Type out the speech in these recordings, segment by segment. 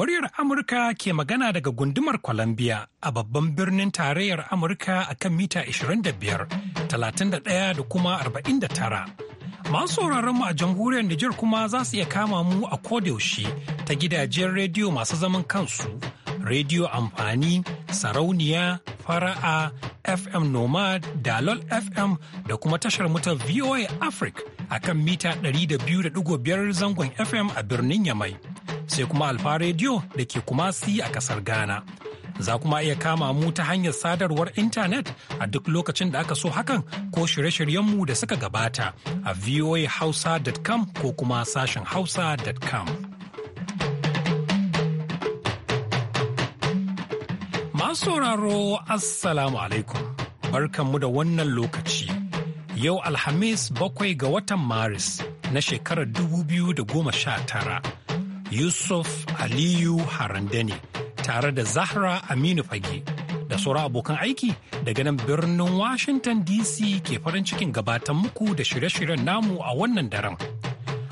Muryar Amurka ke magana daga gundumar Columbia a babban birnin tarayyar Amurka a kan mita 25, 31 da kuma 49. Masu sauraron mu a jamhuriyar Nijar kuma za su iya kama mu a kodayaushe ta gidajen rediyo masu zaman kansu, rediyo amfani sarauniya fara'a fm nomad dalol fm da kuma tashar mutar voa africa a kan mita 200.5 zangon fm a birnin yamai sai kuma alfa rediyo da ke kuma si a kasar ghana za kuma iya kama mu ta hanyar sadarwar intanet a duk lokacin da aka so hakan ko shirye-shiryenmu da suka gabata a voahausa.com ko kuma sashen hausa.com. Masu sauraro Assalamu alaikum, barkanmu da wannan lokaci. Yau Alhamis bakwai ga watan Maris na shekarar dubu biyu da goma sha tara, Yusuf Aliyu Harandani tare da Zahra Aminu Fage da sauran abokan aiki daga nan birnin Washington DC ke farin cikin gabatan muku da shirye-shiryen namu a wannan daren.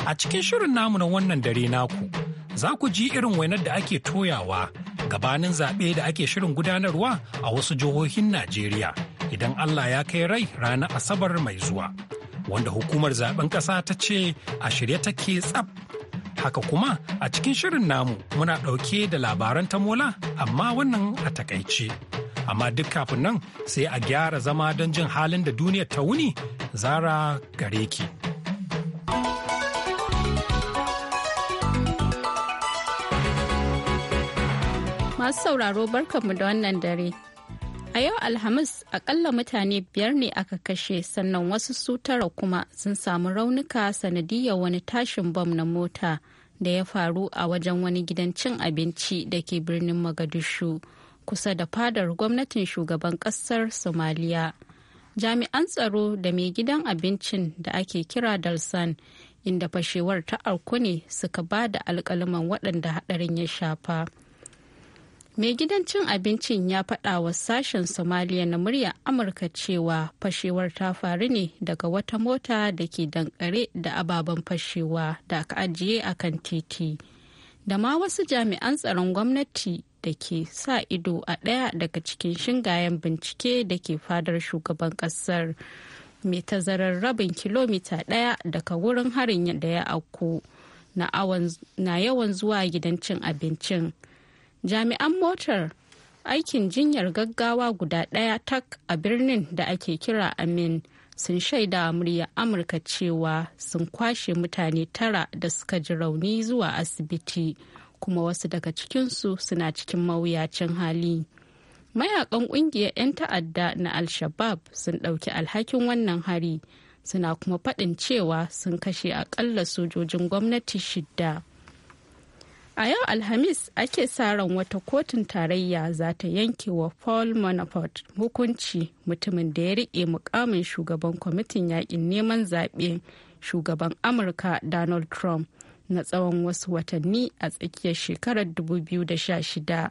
A cikin shirin namu na wannan dare naku, za ku ji irin wainar da ake toyawa. gabanin zaɓe da ake shirin gudanarwa a wasu jihohin Najeriya idan Allah ya kai rai ranar Asabar mai zuwa, wanda hukumar zaɓen ƙasa ta ce a shirye take tsab. Haka kuma a cikin shirin namu muna ɗauke da labaran tamola amma wannan a takaice. Amma duk kafin nan sai a gyara zama don jin halin da duniyar ta wuni zara gare ki. Masu sauraro barkanmu da wannan dare. A yau Alhamis akalla mutane biyar ne aka kashe sannan wasu su tara kuma sun samu raunuka sanadiyar wani tashin bam na mota da ya faru a wajen wani gidan cin abinci da ke birnin Magadishu kusa da fadar gwamnatin shugaban kasar Somaliya. Jami'an tsaro da mai gidan abincin da ake kira Dalsan inda fashewar ta ne suka ba da alkaliman waɗanda haɗarin ya shafa. mai gidan cin abincin ya faɗa wa sashen somaliya na murya amurka cewa fashewar ta faru ne daga wata mota da ke dankare da ababen fashewa da aka ajiye a kan titi da ma wasu jami'an tsaron gwamnati da ke sa ido a ɗaya daga cikin shingayen bincike da ke fadar shugaban ƙasar mai tazarar rabin kilomita ɗaya daga wurin harin da ya auku na yawan zuwa gidan cin abincin jami'an motar aikin jinyar gaggawa guda ɗaya tak a birnin da ake kira amin sun shaida murya amurka cewa sun kwashe mutane tara da suka ji rauni zuwa asibiti kuma wasu daga cikinsu suna cikin mawuyacin hali mayakan ƙungiyar 'yan ta'adda na al-shabab sun ɗauki alhakin wannan hari suna kuma faɗin cewa sun kashe aƙalla sojojin gwamnati shidda A yau Alhamis ake sa ran wata kotun tarayya za ta yanke wa Paul Manafort hukunci mutumin da ya riƙe mukamin shugaban kwamitin yakin neman zaɓe shugaban Amurka Donald Trump na tsawon wasu watanni a tsakiyar shekarar 2016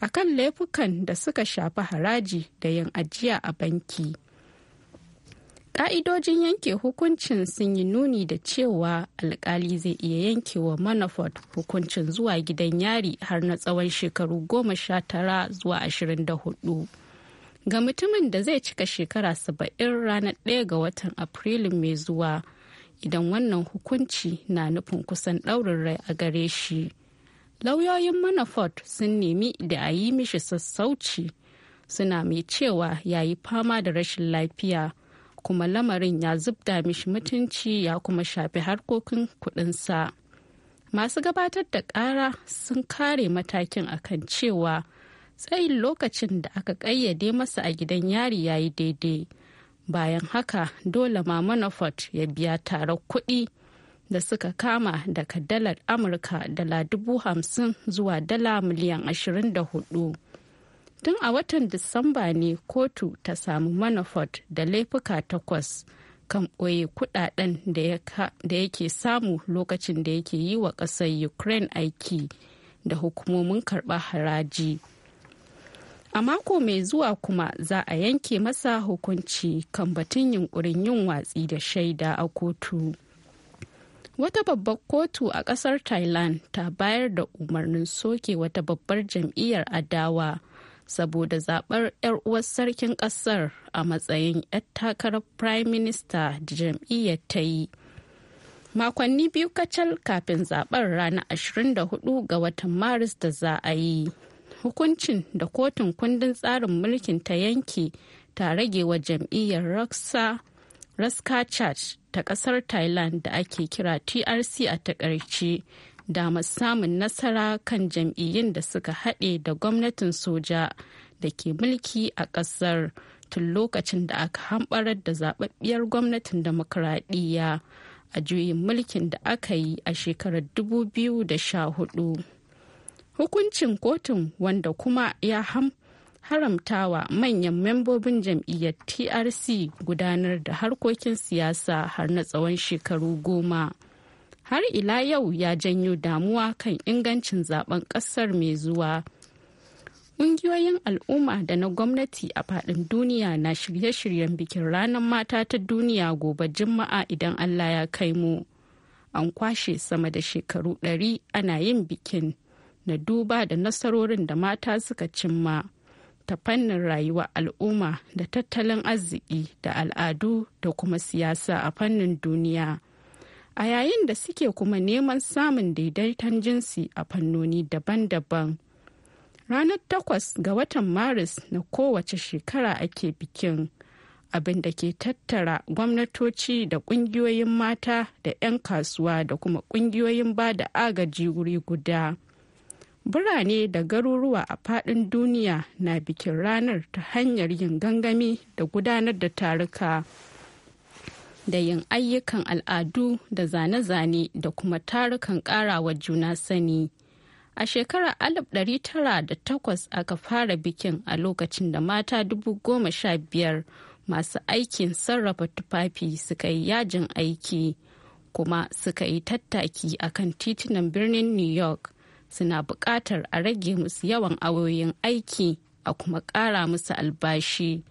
a kan laifukan da suka shafi haraji da yin ajiya a banki. Ka'idojin yanke hukuncin sun yi nuni da cewa alkali zai iya yanke wa Manafort hukuncin zuwa gidan yari har na tsawon shekaru goma sha tara zuwa ashirin da hudu. Ga mutumin da zai cika shekara saba'in ranar ɗaya ga watan Afrilu mai zuwa idan wannan hukunci na nufin kusan ɗaurin rai a gare shi. Lauyoyin Manafort sun nemi da a yi mishi sassauci suna mai cewa ya yi fama da rashin lafiya. kuma lamarin ya zubda mishi mutunci ya kuma shafi harkokin kudinsa. Masu gabatar da ƙara sun kare matakin a kan cewa tsayin lokacin da aka ƙayyade masa a gidan yari ya yi daidai. Bayan haka dole ma Manafort ya biya tare kuɗi da suka kama daga dalar Amurka dala dubu hamsin zuwa dala miliyan ashirin da hudu. tun a watan disamba ne kotu ta samu manafort da laifuka takwas kan ɓoye kudaden da yake samu lokacin da yake yi wa ƙasar ukraine aiki da hukumomin karɓa haraji a mako mai zuwa kuma za a yanke masa hukunci kan batun yunkurin yin watsi da shaida a kotu wata babbar kotu a ƙasar thailand ta bayar da umarnin soke wata babbar jam'iyyar adawa saboda zaɓar 'yar uwar sarkin ƙasar a matsayin 'yar takarar prime minister da jam'iyyar ta yi makonni biyu kacal kafin zaɓar ranar 24 ga watan maris da za a yi hukuncin da kotun kundin tsarin mulkin ta yanki ta rage wa jam'iyyar raksa raska church ta kasar thailand da ake kira trc a takarce. damar samun nasara kan jam'iyyun da suka haɗe da gwamnatin soja da ke mulki a ƙasar tun lokacin da aka hamɓarar da zaɓaɓɓiyar gwamnatin demokuraɗiyya a juyin mulkin da aka yi a shekarar 2014 hukuncin kotun wanda kuma ya haramtawa manyan membobin jam'iyyar trc gudanar da harkokin siyasa har na tsawon shekaru goma. har ila yau ya janyo damuwa kan ingancin zaben kasar mai zuwa. Ƙungiyoyin al'umma da na gwamnati a faɗin duniya na shirye-shiryen bikin ranar mata ta duniya gobe jima'a idan Allah ya kai mu. An kwashe sama da shekaru ɗari ana yin bikin na duba da nasarorin da mata suka cimma ta fannin rayuwa al'umma da tattalin arziki da al'adu da kuma siyasa a fannin duniya. a yayin da suke kuma neman samun daidaiton jinsi a fannoni daban-daban. Ranar takwas ga watan Maris na kowace shekara ake bikin abin da ke tattara gwamnatoci da ƙungiyoyin mata da 'yan kasuwa da kuma ƙungiyoyin ba da agaji wuri guda. Birane da garuruwa a faɗin duniya na bikin ranar ta hanyar yin gangami da gudanar da taruka. da yin ayyukan al'adu da zane-zane da kuma tarukan karawa juna sani. A shekarar tara da takwas aka fara bikin a lokacin da mata dubu goma sha biyar masu aikin sarrafa tufafi suka yi yajin aiki kuma suka yi tattaki a kan titunan birnin New York suna buƙatar a rage musu yawan awoyin aiki a kuma ƙara musu albashi.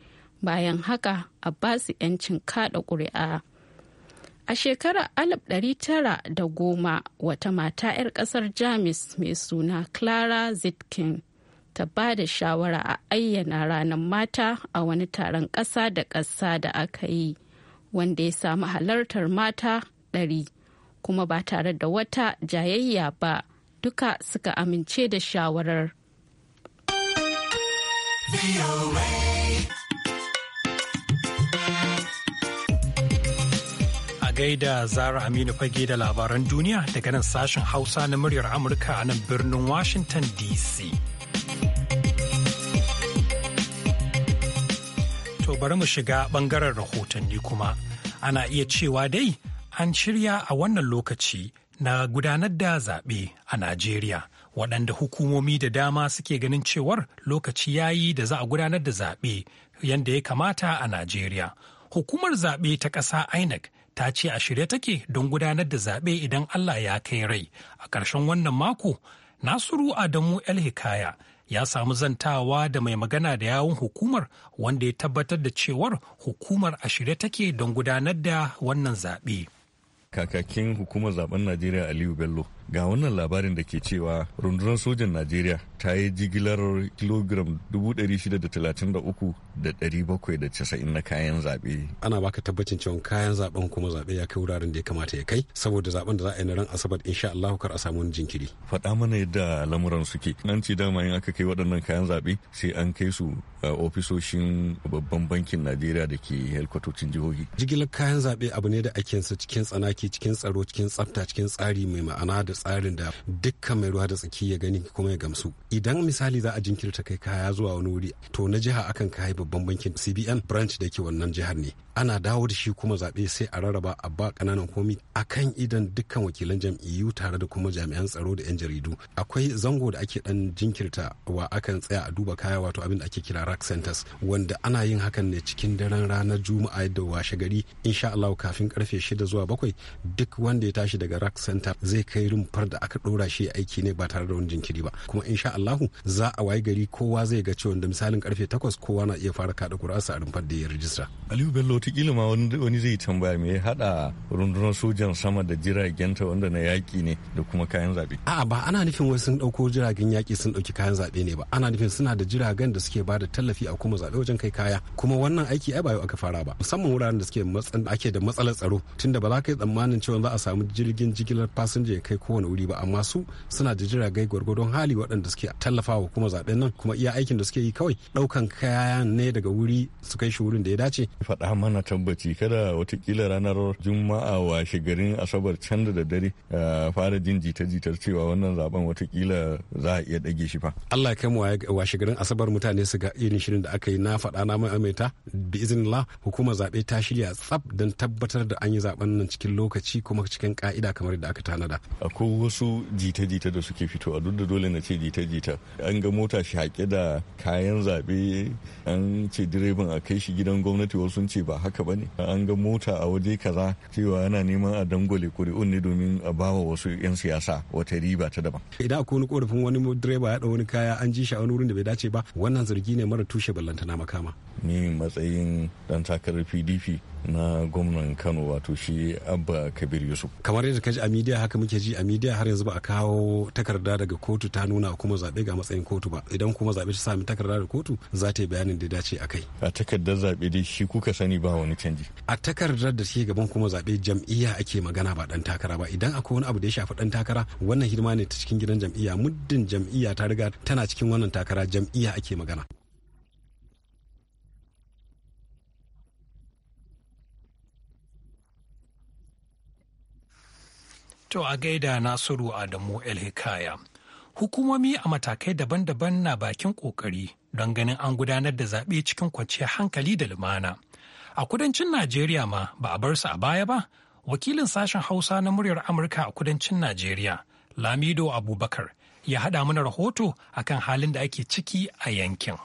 bayan haka a su 'yancin kada ƙuri'a. A shekarar tara da goma, wata mata 'yar ƙasar Jamus mai suna Clara Zitkin ta ba da shawara a ayyana ranar mata a wani taron ƙasa da ƙasa da aka yi wanda ya samu halartar mata ɗari kuma ba tare da wata jayayya ba duka suka amince da shawarar. gaida Zara Aminu fage da labaran duniya daga nan sashen Hausa na muryar Amurka a nan birnin Washington DC. To bari mu shiga ɓangaren rahotanni kuma. Ana iya cewa dai an shirya a wannan lokaci na gudanar da zaɓe a Najeriya. waɗanda hukumomi da dama suke ganin cewar lokaci ya yi da za a gudanar da zaɓe yadda ya kamata a Najeriya. Hukumar zaɓe ta ƙasa INEC ta ce a shirye take don gudanar da zaɓe idan Allah ya kai rai. A ƙarshen wannan mako, Nasiru Adamu El Hikaya ya samu zantawa da mai magana da yawun hukumar wanda ya tabbatar da cewar hukumar a shirye take don gudanar da wannan zaɓe. Kakakin hukumar zaben Najeriya Aliyu Bello ga wannan labarin da ke cewa rundunar sojan najeriya ta yi jigilar kilogram 633,790 na kayan zabe. ana baka tabbacin cewa kayan zaɓen kuma zaɓe ya kai wuraren da ya kamata ya kai saboda zaɓen da za a yi na ran asabar insha Allah kar a samu wani jinkiri faɗa mana yadda lamuran suke nan ce dama in aka kai waɗannan kayan zaɓe sai an kai su a ofisoshin babban bankin najeriya da ke helkwatocin jihohi jigilar kayan zaɓe abu ne da ake cikin tsanaki cikin tsaro cikin tsafta cikin tsari mai ma'ana da tsarin da dukkan mai ruwa da tsaki ya gani kuma ya gamsu idan misali za a jinkirta kai kaya zuwa wani wuri to na jiha akan kai babban bankin cbn branch da ke wannan jihar ne ana dawo da shi kuma zaɓe sai a rarraba a ba ƙananan komi a kan idan dukkan wakilan jam'iyyu tare da kuma jami'an tsaro da 'yan jaridu akwai zango da ake ɗan jinkirta wa akan tsaya a duba kaya wato abin da ake kira rack centers wanda ana yin hakan ne cikin daren ranar juma'a da washe gari insha Allah kafin karfe shida zuwa bakwai duk wanda ya tashi daga rack center zai kai rumfar da aka ɗora shi aiki ne ba tare da wani jinkiri ba kuma insha Allahu za a wayi gari kowa zai ga cewa da misalin karfe takwas kowa na iya fara kaɗa kura'arsa a rumfar da ya rijista. Aliyu Bello watakila ma wani zai tambaya me ya haɗa rundunar sojan sama da jiragenta wanda na yaƙi ne da kuma kayan zaɓe. A'a ba ana nufin wani sun ɗauko jiragen yaƙi sun ɗauki kayan zaɓe ne ba ana nufin suna da jiragen da suke bada tallafi a kuma zaɓe wajen kai kaya kuma wannan aiki ai ba yau aka fara ba musamman wuraren da suke ake da matsalar tsaro tunda ba za ka yi tsammanin cewa za a samu jirgin jigilar fasinja ya kai kowane wuri ba amma su suna da jiragai gwargwadon hali waɗanda suke tallafawa kuma zaɓen nan kuma iya aikin da suke yi kawai ɗaukan kayan ne daga wuri su kai shi wurin da ya dace. Faɗa mana mana tabbaci kada watakila ranar juma'a wa shigarin asabar can da dare fara jin jita-jitar cewa wannan zaben watakila za a iya dage shi fa Allah kai mu wa shigarin asabar mutane su ga irin shirin da aka yi na faɗa na maimaita bi iznillah hukumar zaɓe ta shirya tsaf don tabbatar da an yi zaben nan cikin lokaci kuma cikin ka'ida kamar da aka tanada akwai wasu jita-jita da suke fito a duk da dole na ce jita-jita an ga mota haƙe da kayan zaɓe an ce direban a kai shi gidan gwamnati wasu sun ce ba haka ba ne an ga mota a waje kaza cewa yana neman a dangole kuri'un ne domin a bawa wasu 'yan siyasa wata riba ta daban idan akwai wani korafin wani direba ya wani kaya an ji shi a wani wurin da bai dace ba wannan zargi ne mara tushe ballantana makama ni matsayin dan takarar pdp na gwamnan kano wato shi abba kabir yusuf kamar yadda ka ji a midiya haka muke ji a midiya har yanzu ba a kawo takarda daga kotu ta nuna kuma zaɓe ga matsayin kotu ba idan kuma zaɓe ta sami takarda da kotu za ta yi bayanin da dace a kai a takardar zaɓe dai shi kuka sani ba wani canji a takardar da ke gaban kuma zaɓe jam'iyya ake magana ba ɗan takara ba idan akwai wani abu da ya shafi ɗan takara wannan hidima ne ta cikin gidan jam'iyya muddin jam'iyya ta riga tana cikin wannan takara jam'iyya ake magana To a gaida Nasiru Adamu Elhikaya. hikaya Hukumomi a matakai daban-daban na bakin ƙoƙari don ganin an gudanar da zaɓe cikin kwanciyar hankali da lumana. A kudancin Najeriya ma ba a bar su a baya ba, wakilin sashen Hausa na muryar Amurka a kudancin Najeriya, Lamido Abubakar, ya haɗa mana rahoto akan halin da ake ciki a yankin.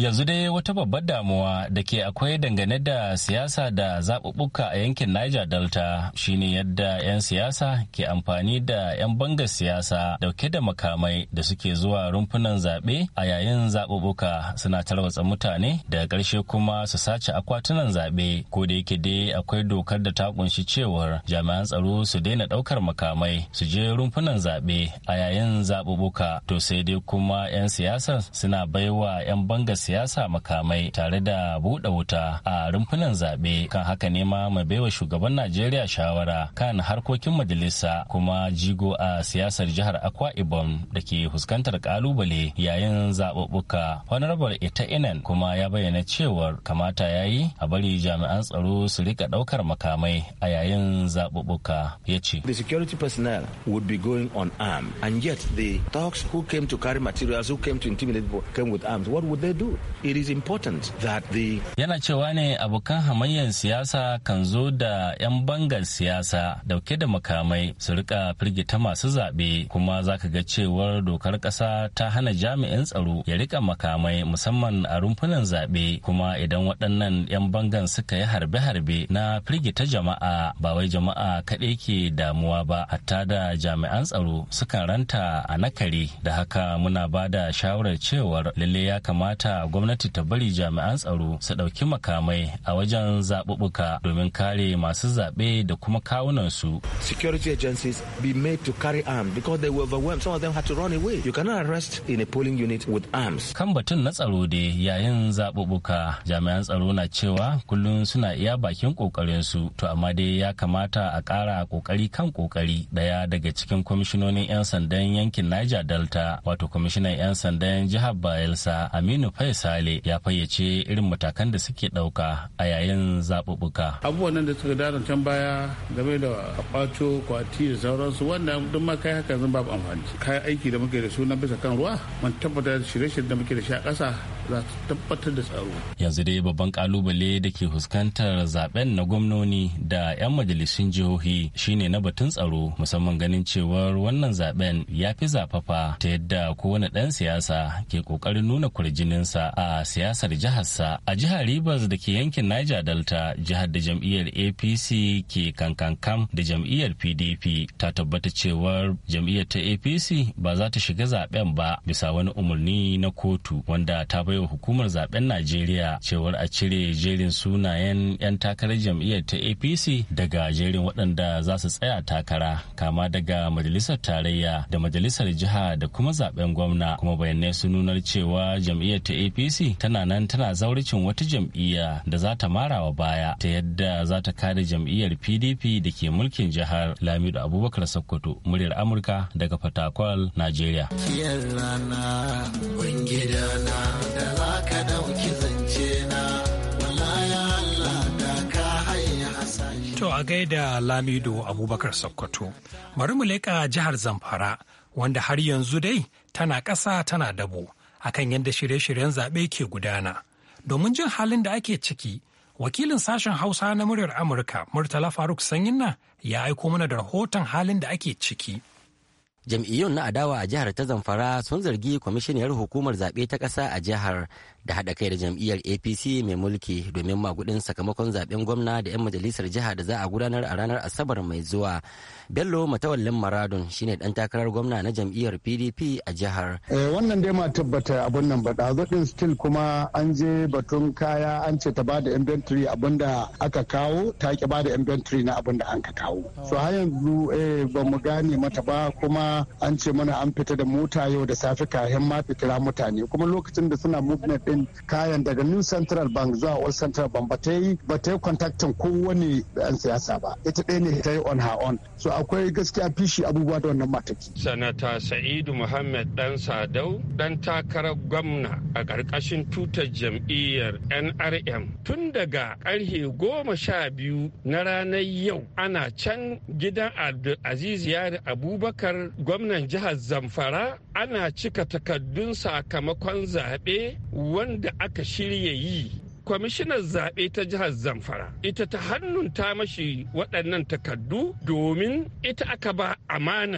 Yanzu dai wata babbar damuwa da ke akwai dangane da siyasa da zaɓuɓɓuka a yankin Niger Delta shine yadda 'yan siyasa ke amfani da 'yan bangar siyasa dauke da makamai da suke zuwa rumfunan zaɓe a yayin zaɓuɓɓuka suna tarwatsa mutane da ƙarshe kuma su sace akwatunan zaɓe ko da yake dai akwai dokar da ta kunshi cewar jami'an tsaro su daina ɗaukar makamai su je rumfunan zaɓe a yayin zaɓuɓɓuka to sai dai kuma 'yan siyasa suna baiwa 'yan bangar siyasa makamai tare da buɗe wuta a rumfunan zaɓe kan haka ne ma mai baiwa shugaban najeriya shawara kan harkokin majalisa kuma jigo a siyasar jihar akwa ibom da ke fuskantar kalubale yayin zaɓuɓɓuka honorable ita inan kuma ya bayyana cewar kamata ya yi a bari jami'an tsaro su rika ɗaukar makamai a yayin zaɓuɓɓuka ya the security personnel would be going on armed and yet the thugs who came to carry materials who came to intimidate people came with arms what would they do yana cewa ne abokan hamayyar siyasa kan zo da 'yan bangar siyasa dauke da makamai su rika firgita masu zaɓe kuma za ka ga cewar dokar ƙasa ta hana jami'in tsaro ya rika makamai musamman a rumfunan zaɓe kuma idan waɗannan 'yan bangan suka yi harbe-harbe na firgita jama'a ba wai jama'a kaɗai ke damuwa ba hatta da jami'an tsaro sukan ranta a nakari da haka muna ba da shawarar cewar lalle ya kamata a gwamnati ta bari jami'an tsaro su ɗauki makamai a wajen zaɓuɓɓuka domin kare masu zaɓe da kuma kawunansu. Security agencies be made to carry arms because they were overwhelmed. Some of them had to run away. You cannot arrest in a polling unit with arms. Kan batun na tsaro da yayin zaɓuɓɓuka jami'an tsaro na cewa kullum suna iya bakin ƙoƙarinsu to amma dai ya kamata a ƙara ƙoƙari kan ƙoƙari ɗaya daga cikin kwamishinonin 'yan sandan yankin Niger Delta wato kwamishinan 'yan sandan jihar Bayelsa Aminu Fayez Sale ya fayyace irin matakan da suke ɗauka a yayin zaɓuɓɓuka. Abubuwan nan da suka dara can baya game da kwato kwati da sauransu wanda duk ma kai haka zan babu amfani. Kayan aiki da muke da su na bisa kan ruwa mun tabbatar da shirye-shirye da muke da shi a ƙasa za su tabbatar da tsaro. Yanzu dai babban ƙalubale da ke fuskantar zaben na gwamnoni da 'yan majalisun jihohi shine na batun tsaro musamman ganin cewar wannan zaben ya fi zafafa ta yadda kowane ɗan siyasa ke ƙoƙarin nuna kurjininsa a siyasar jiharsa a jihar Rivers da ke yankin Niger Delta jihar da jam'iyyar APC ke kankankam da jam'iyyar PDP ta tabbata cewar jam'iyyar ta APC ba za ta shiga zaben ba bisa wani umarni na kotu wanda ta baiwa hukumar zaben Najeriya cewar a cire jerin sunayen 'yan takarar jam'iyyar ta APC daga jerin waɗanda za su tsaya takara kama daga majalisar tarayya da majalisar jiha da kuma zaben gwamna kuma bayanai sun nunar cewa jam'iyyar ta apc tana nan tana zauricin wata jam'iyya da za ta marawa baya ta yadda za ta kare jam'iyyar pdp da ke mulkin jihar lamido abubakar sokoto muryar amurka daga fatakwal nigeria To a gaida Lamido Abubakar Sokoto, bari mu leƙa jihar Zamfara, wanda har yanzu dai tana ƙasa tana dabo. akan yadda shirye-shiryen zaɓe ke gudana. Domin jin halin da ake ciki, wakilin sashen Hausa na muryar Amurka, Murtala Faruk Sanyinna, ya aiko mana da rahoton halin da ake ciki. jam'iyyun na adawa a jihar ta zamfara sun zargi kwamishiniyar hukumar zaɓe ta ƙasa a jihar da haɗa kai da jam'iyyar apc mai mulki domin magudin sakamakon zaben gwamna da 'yan majalisar jiha da za a gudanar a ranar asabar mai zuwa bello matawallin maradon shine dan takarar gwamna na jam'iyyar pdp a jihar eh, wannan dai ma tabbata abun nan ba ɗazu ɗin still kuma an je batun kaya an ce ta ba da inventory abun da aka kawo ta ki ba da inventory na abun da an ka kawo so har yanzu eh, ba mu gane mata ba kuma an ce mana an fita da mota yau da safe kayan ma fitira mutane kuma lokacin da suna movement din kayan daga new central bank zuwa old central bank ba ta yi ba ta yi kontaktin kowane yan siyasa ba ita ɗaya ne ta yi on her own so akwai gaskiya fishi abubuwa da wannan mataki. sanata sa'idu muhammad dan sadau dan takarar gwamna a ƙarƙashin tutar jam'iyyar nrm tun daga ƙarhe goma sha biyu na ranar yau ana can gidan abdulaziz yari abubakar gwamnan jihar zamfara ana cika takaddun sakamakon zaɓe wanda aka shirya yi kwamishinar zaɓe ta jihar zamfara ita ta hannun ta mashi waɗannan takardu domin ita aka ba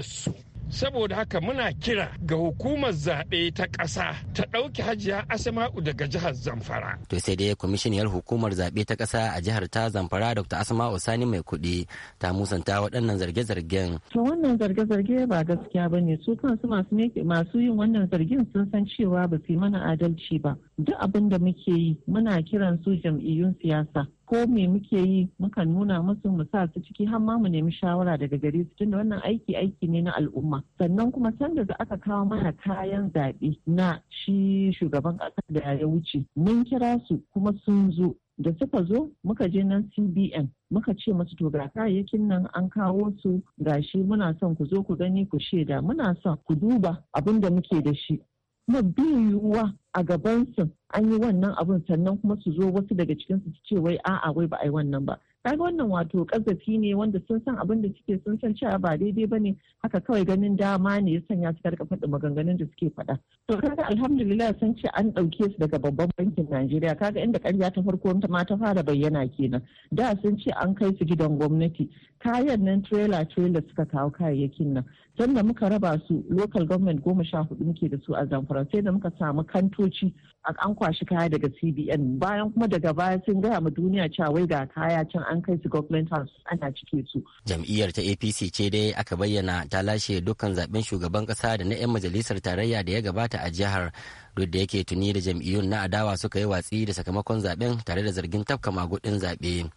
su. saboda haka muna kira ga hukumar zaɓe ta ƙasa ta ɗauki hajiya asma'u daga jihar zamfara to sai dai kwamishiniyar hukumar zaɓe ta ƙasa a jihar ta zamfara dr asma'u sani mai kuɗi ta musanta waɗannan zarge-zargen to wannan zarge-zarge ba gaskiya ba ne su kansu masu yin wannan zargin sun san cewa ba su yi mana adalci ba duk abin da muke yi muna kiran su jam'iyyun siyasa ko me muke yi muka nuna musu mu sa su ciki har ma mu nemi shawara daga gare su tunda wannan aiki aiki ne na al'umma sannan kuma sanda da aka kawo mana kayan zaɓe na shi shugaban ƙasa da ya wuce mun kira su kuma sun zo da suka zo muka je nan cbn muka ce masu to ga kayayyakin nan an kawo su gashi muna son ku zo ku gani ku shaida muna son ku duba abin da muke da shi na bin yiwuwa a gabansu an yi wannan abun sannan kuma su zo wasu daga cikin su ce wai a'a wai ba a yi wannan ba kaga wannan wato kazafi ne wanda sun san abin da suke sun san cewa ba daidai ba ne haka kawai ganin dama ne ya sanya su karka faɗi maganganun da suke faɗa to kaga alhamdulillah sun ce an ɗauke su daga babban bankin Najeriya kaga inda karya ta farko ta ma ta fara bayyana kenan da sun ce an kai su gidan gwamnati kayan nan trailer trailer suka kawo kayayyakin nan don da muka raba su local government goma sha hudu muke da su a zamfara sai da muka samu kantoci a an kwashi kaya daga cbn bayan kuma daga baya sun gaya ma duniya cewa wai ga kaya can an kai su government house ana cike su jam'iyyar ta apc ce dai aka bayyana ta lashe dukkan zaben shugaban kasa da na 'yan majalisar tarayya da ya gabata a jihar duk da yake tuni da jam'iyyun na adawa suka yi watsi da sakamakon zaben tare da zargin tafka magudin zaɓe.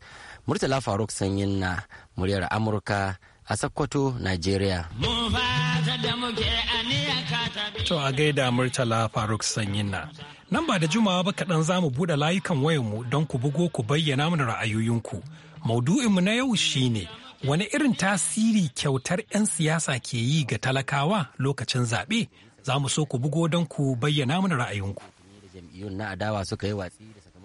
Murtala Faruk Sanyin na muryar Amurka a Sokoto, Najeriya. To a gaida Murtala Faruk Sanyin na. Nan ba da jumawa ba kaɗan za mu buɗe layukan wayanmu don ku bugo ku bayyana mana ra'ayoyinku. Maudu'inmu na yau shi ne. wani irin tasiri kyautar 'yan siyasa ke yi ga talakawa lokacin zaɓe? Za mu so ku bugo don ku bayyana mana ra'ayinku. jam'iyyun yi watsi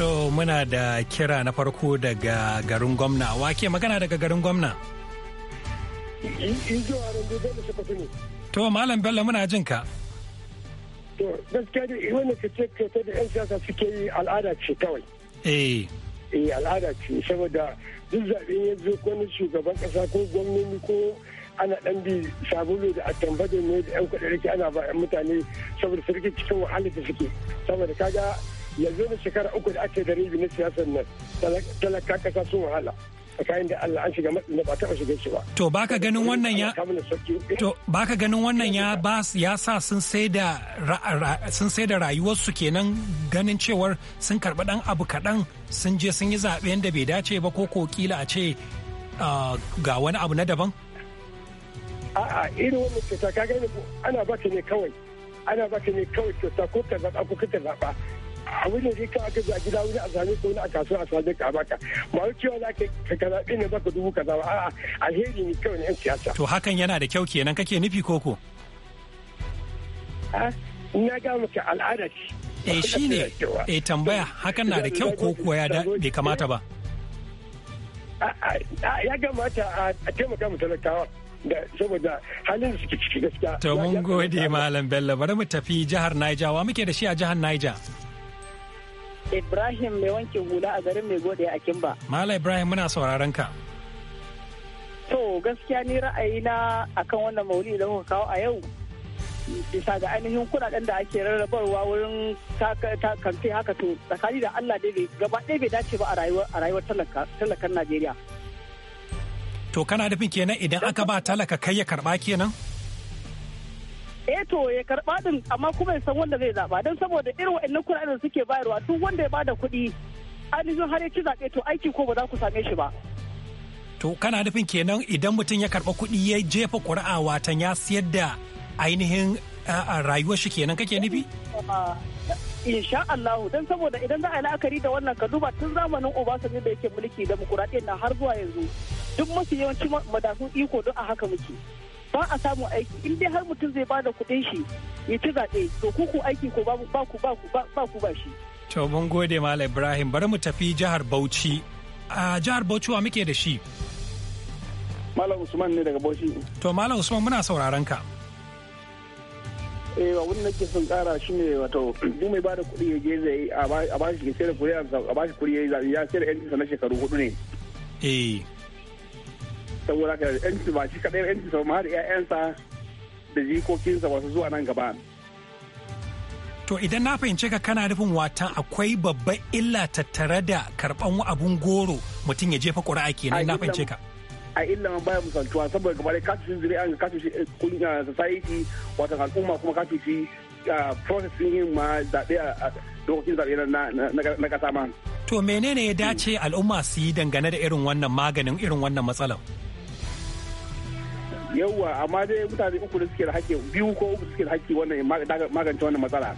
To muna da kira na farko daga garin gwamna. Wake magana daga garin gwamna? To Malam Bello muna jin ka. To gaskiya da wannan kace ta da 'yan siyasa suke yi al'ada ce kawai. Eh. Eh al'ada ce saboda duk zaɓe ya zo ko shugaban ƙasa ko gwamnoni ko ana ɗan bi sabulu da a da ne da yan kudi ana ba mutane saboda su cikin wahalar da suke saboda kaga yanzu da shekara uku da ake da ribi na siyasar nan talaka kasa sun wahala kayan da Allah an shiga matsin da ba taɓa shiga shi ba. To baka ganin wannan ya eh? to baka ganin wannan ya ba ya sa sun sai da sun sai da rayuwarsu kenan ganin cewar sun karɓi ɗan abu kaɗan sun je sun yi zaɓe yadda bai dace ba ko ko kila a ce ga wani abu na daban. A'a irin wannan kyauta ka gani ana baka ne kawai ana baka ne kawai kyauta ko ka zaɓa ko ka zaɓa abin da zai ka aka zuwa gida wani a same ko wani a kasuwa a sami ka baka ma wai cewa za ka kaza ɗin ne baka dubu kaza ba a'a alheri ne kawai ne siyasa. to hakan yana da kyau kenan kake nufi koko. Ah, na ga maka al'ada ce. eh shi ne eh tambaya hakan na da kyau koko ya da bai kamata ba. ya kamata a taimaka mu talakawa. saboda halin da suke ciki gaskiya. To mun gode Malam Bello bari mu tafi jihar Naija wa muke da shi a jihar Naija. Ibrahim mai wanke hula a garin mai gode a Kimba. Mala Ibrahim muna sauraron ka. To gaskiya ni ra'ayi na akan wannan mauli da kuka kawo a yau bisa ga ainihin kudaden da ake rarrabarwa wurin kamfe haka to tsakani da Allah dai bai gaba ɗaya bai dace ba a rayuwar talakan Najeriya. To kana da kenan idan aka ba talaka kai ya karɓa kenan? eh to ya karba din amma kuma ya san wanda zai zaba don saboda irin wa'annan kuɗaɗen da suke bayarwa duk wanda ya bada kuɗi ainihin har ya ci zaɓe to aiki ko ba za ku same shi ba. To kana nufin kenan idan mutum ya karɓa kuɗi ya jefa ƙuri'a watan ya siyar da ainihin rayuwar shi kenan kake nufi? Insha Allah don saboda idan za a yi la'akari da wannan ka duba tun zamanin Obasanjo da yake mulki da na har zuwa yanzu duk mafi yawanci madafun iko duk a haka muke. ba a samu aiki in dai har mutum zai bada kuɗin shi ya ci zaɓe to kuku aiki ko ba ku ba ku ba ku ba shi. To mun gode Malam Ibrahim bari mu tafi jihar Bauchi. A jihar Bauchi wa muke da shi? Malam Usman ne daga Bauchi. To Malam Usman muna sauraron ka. eh wani nake ke son kara shi ne wato duk mai bada kuɗi ya je zai a ba shi sai da kuriya a ba shi ya sayar da yan na shekaru hudu ne. Eh. saboda ka yanci ba shi kadai yanci sau ma da 'ya'yansa da jikokinsa wasu zuwa nan gaba to idan na fahimce ka kana nufin watan akwai babban illa tattare da karban abun goro mutum ya jefa ƙuri'a kenan na fahimce ka a illa ma baya musaltuwa saboda gaba da zuri an kacu eh, kunya ah, society wata al'umma kuma kacu shi ah, process yin ma zaɓe a lokacin zaɓe na ƙasa ma. To menene ya dace al'umma su yi dangane da irin wannan maganin irin wannan matsalar? yawwa amma dai mutane uku da suke da haƙƙi biyu ko uku suke da haƙƙi wannan magance wannan matsala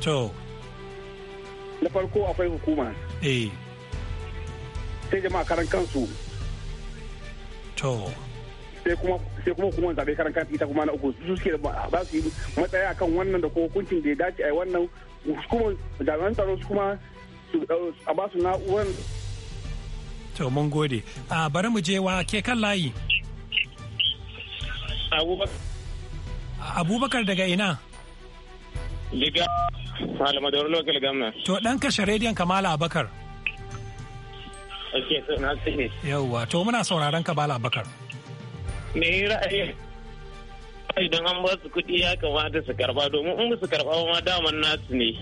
to na farko akwai hukuma eh sai jama'a karan kansu to sai kuma sai kuma hukumar zaɓe karan kansu ita kuma na uku su suke ba su yi matsaya akan wannan da ko hukuncin da ya dace a yi wannan hukumar jami'an tsaro su kuma su eh, a ba su na'urar to mun gode a ah, bari mu je wa ke kan layi Abubakar. Abubakar daga ina? Diga Malamadawar Local Government. To ɗan kashe rediyon Kamala Abakar. Oke, so na ne. Yawwa, to muna sauraron Kamala Abakar. Me yi ra'ayi? Idan an ba su kuɗi ya kamata su karba domin in su karba ma daman nasu ne.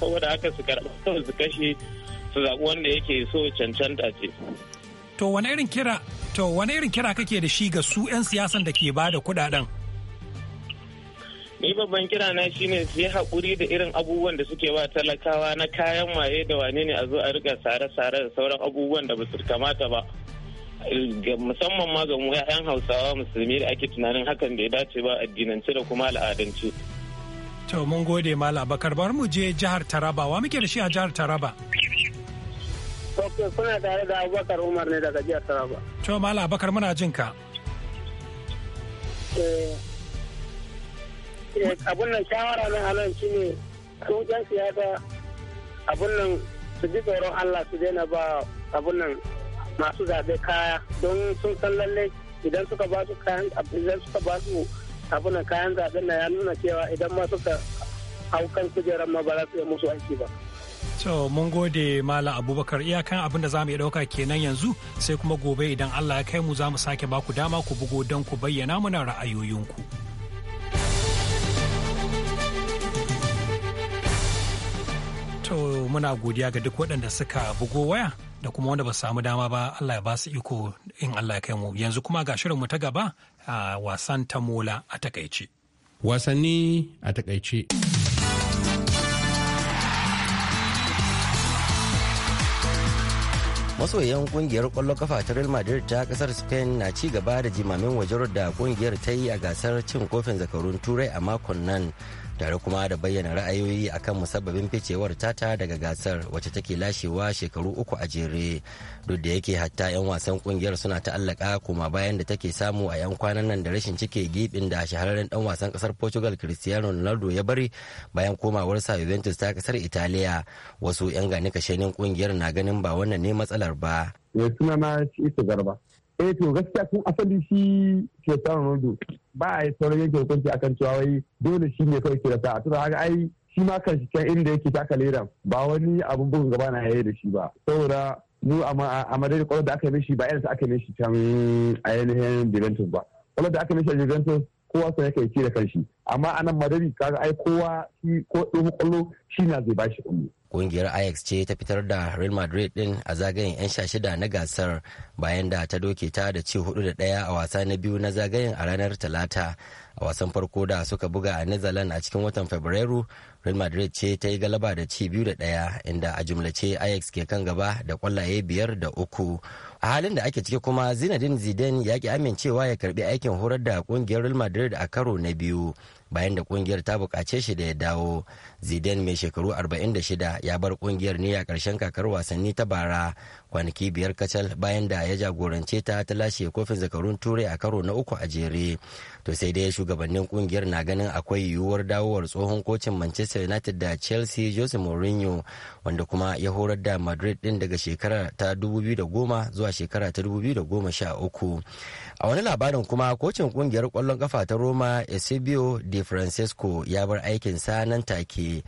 Saboda haka su karba su kashe su zaɓi wanda yake so cancanta ce. to wani irin kira to wani irin kira kake da shi ga su 'yan siyasan da ke ba da kudaden ni babban kira na shine su yi haƙuri da irin abubuwan da suke ba talakawa na kayan waye da wane ne a zo a riga sare-sare da sauran abubuwan da ba su kamata ba musamman ma ga yan hausawa musulmi da ake tunanin hakan da ya dace ba addinance da kuma al'adance to mun gode malam bakar bar mu je jihar taraba wa muke da shi a jihar taraba ok Kuna tare da Abubakar Umar ne daga jihar Taraba. Cewa Malam Abubakar muna jin ka. Eh, eh, abun nan shawara na halin shi ne su ɗan siyasa abun nan su ji tsoron Allah su daina ba abun nan masu zaɓe kaya don sun san lalle idan suka ba su kayan idan suka ba su abun nan kayan zaɓen na ya nuna cewa idan ma suka hau kan kujerar ma ba za su yi musu aiki ba. To mun gode Malam Abubakar iyakan abin da za mu iya ɗauka kenan yanzu sai kuma gobe idan Allah ya kai mu za mu sake ku dama ku bugo don ku bayyana muna ra'ayoyinku. To muna godiya ga duk waɗanda suka bugo waya da kuma wanda ba samu dama ba Allah ya ba su iko in Allah ya kai mu yanzu kuma ga mu ta gaba a wasan ta Mola a takaice. Wasanni a takaice. masoyan kungiyar kwallo kafa ta real madrid ta kasar spain na ci gaba da jimamin wajen da kungiyar ta yi a gasar cin kofin zakarun turai a makon nan tare kuma da bayyana ra'ayoyi akan musabbabin ficewar tata daga gasar wacce take lashewa shekaru uku a jere duk da yake hatta 'yan wasan kungiyar suna ta'allaka kuma bayan da take samu a 'yan kwanan nan da rashin cike gibin da shahararren dan wasan kasar portugal cristiano ronaldo ya bari bayan komawar sa juventus ta kasar italiya wasu 'yan gani kashenin kungiyar na ganin ba wannan ne matsalar ba mai eh, suna na isa garba eh to gaskiya tun asali shi Cristiano Ronaldo ba a yi sauran yanke hukunci akan cewa wai dole shi ne kawai ke da sa'a tura haka ai shi ma kan shi kan inda yake taka lera ba wani abun bugun gaba na yayi da shi ba saboda mu a madadin kwallo da aka yi mishi ba irin aka yi mishi can a yanayin Juventus ba kwallo da aka yi mishi a Juventus kowa sai yake ci da kanshi amma anan madari kaga ai kowa shi ko ɗin kwallo shi na zai shi kwallo Kungiyar Ajax ce ta fitar da Real Madrid din a zagayen 'yan sha shida na gasar bayan da ta doke ta da ci hudu da ɗaya a wasa na biyu na zagayen a ranar Talata. A wasan farko da suka buga a Netherlands a cikin watan Fabrairu, Real Madrid ce ta yi galaba da ci biyu da ɗaya inda a jumlace Ajax ke kan gaba da kwallaye biyar da uku. a halin da ake ciki kuma zinadin zidane ya ki amincewa ya karbi aikin horar da kungiyar real madrid a karo na biyu bayan da kungiyar ta bukace shi da ya dawo zidane mai shekaru 46 ya bar kungiyar ne a karshen kakar wasanni ta bara kwanaki biyar kacal bayan da ya jagorance ta ta lashe kofin zakarun turai a karo na uku a jere to sai dai shugabannin kungiyar na ganin akwai yiwuwar dawowar tsohon kocin manchester united da chelsea jose mourinho wanda kuma ya horar da madrid din daga shekara ta 2010 zuwa shekara ta 2013 a wani labarin kuma kocin kungiyar kwallon kafa ta roma eusebio de francesco ya bar aikinsa nan take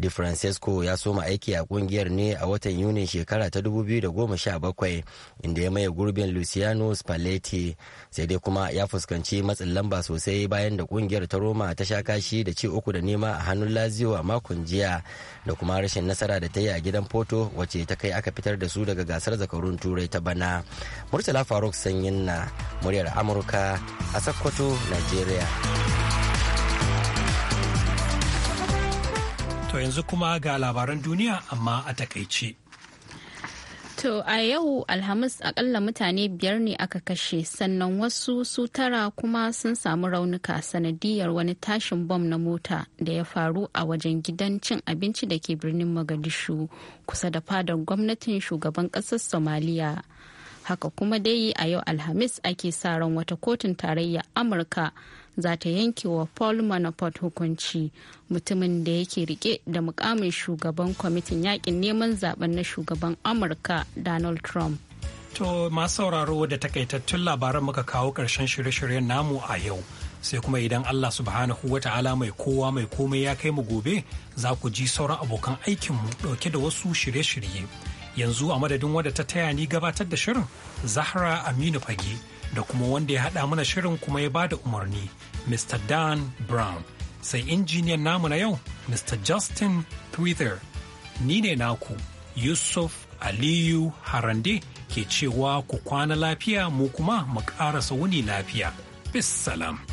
Di Francesco ya soma aiki a kungiyar ne a watan yuni shekara ta 2017 inda ya maye gurbin Luciano Spalletti sai dai kuma ya fuskanci matsin lamba sosai bayan da kungiyar ta Roma ta sha kashi da ci uku da nema a hannun Lazio a makon jiya da kuma rashin nasara da ta yi a gidan Porto wacce ta kai aka fitar da su daga gasar zakarun Turai ta bana. Murtala Faruk Sanyin na muryar Amurka a Sokoto, Nigeria. To yanzu kuma ga labaran duniya amma a takaice. To a yau Alhamis akalla mutane biyar ne aka kashe sannan wasu su tara kuma sun samu raunuka sanadiyar wani tashin bom na mota da ya faru a wajen gidan cin abinci da ke birnin magadishu kusa da fadar gwamnatin shugaban ƙasar Somaliya. Haka kuma dai a yau Alhamis ake sa ran wata kotun tarayya Amurka. za ta yanke wa paul manafort hukunci mutumin da yake rike da mukamin shugaban kwamitin yakin neman zaben na shugaban amurka donald trump To masu sauraro da takaitattun labaran muka kawo ƙarshen shirye-shiryen namu a yau. Sai kuma idan Allah subhanahu wa ta'ala mai kowa mai komai ya kai mu gobe za ku ji sauran abokan aikinmu ɗauke da wasu shirye-shirye. Yanzu a madadin wadda ta taya ni gabatar da shirin Zahra Aminu Fage. da kuma wanda ya haɗa mana shirin kuma ya bada umarni Mr. Dan Brown. Sai injiniyan namu na yau Mr. Justin Twitter. Ni ne naku Yusuf Aliyu Harande ke cewa ku kwana lafiya mu kuma mu ƙarasa wuni lafiya. Bis salam.